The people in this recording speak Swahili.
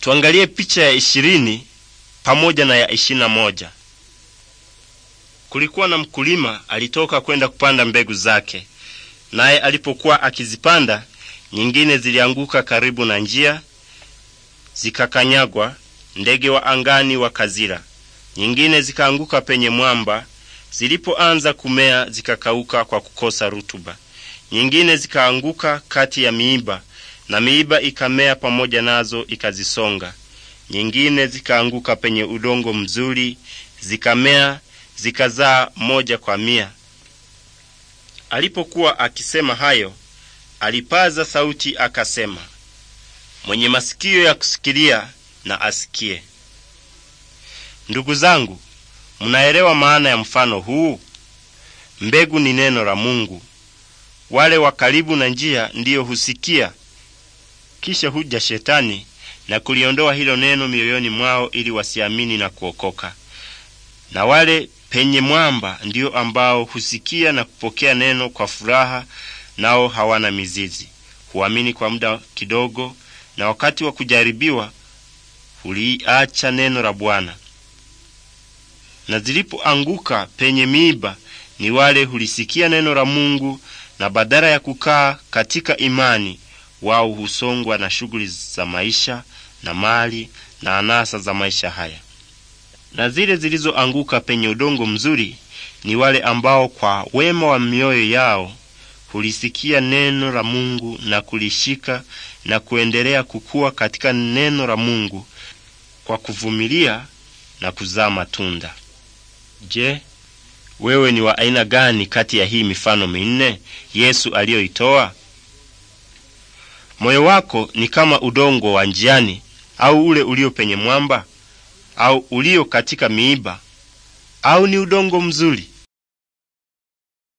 Tuangalie picha ya ishirini pamoja na ya ishirini na moja. Kulikuwa na mkulima alitoka kwenda kupanda mbegu zake, naye alipokuwa akizipanda, nyingine zilianguka karibu na njia zikakanyagwa, ndege wa angani wakazila. Nyingine zikaanguka penye mwamba, zilipoanza kumea zikakauka kwa kukosa rutuba. Nyingine zikaanguka kati ya miiba, na miiba ikamea pamoja nazo ikazisonga. Nyingine zikaanguka penye udongo mzuri, zikamea, zikazaa moja kwa mia. Alipokuwa akisema hayo, alipaza sauti akasema, mwenye masikio ya kusikilia na asikie. Ndugu zangu, mnaelewa maana ya mfano huu? Mbegu ni neno la Mungu. Wale wa karibu na njia ndiyo husikia kisha huja Shetani na kuliondoa hilo neno mioyoni mwao ili wasiamini na kuokoka. Na wale penye mwamba ndiyo ambao husikia na kupokea neno kwa furaha, nao hawana mizizi, huamini kwa muda kidogo, na wakati wa kujaribiwa huliacha neno la Bwana. Na zilipoanguka penye miiba, ni wale hulisikia neno la Mungu, na badala ya kukaa katika imani wao husongwa na shughuli za maisha na mali na anasa za maisha haya, na zile zilizoanguka penye udongo mzuri ni wale ambao kwa wema wa mioyo yao hulisikia neno la Mungu na kulishika na kuendelea kukua katika neno la Mungu kwa kuvumilia na kuzaa matunda. Je, wewe ni wa aina gani kati ya hii mifano minne Yesu aliyoitoa? Moyo wako ni kama udongo wa njiani, au ule ulio penye mwamba, au ulio katika miiba, au ni udongo mzuri?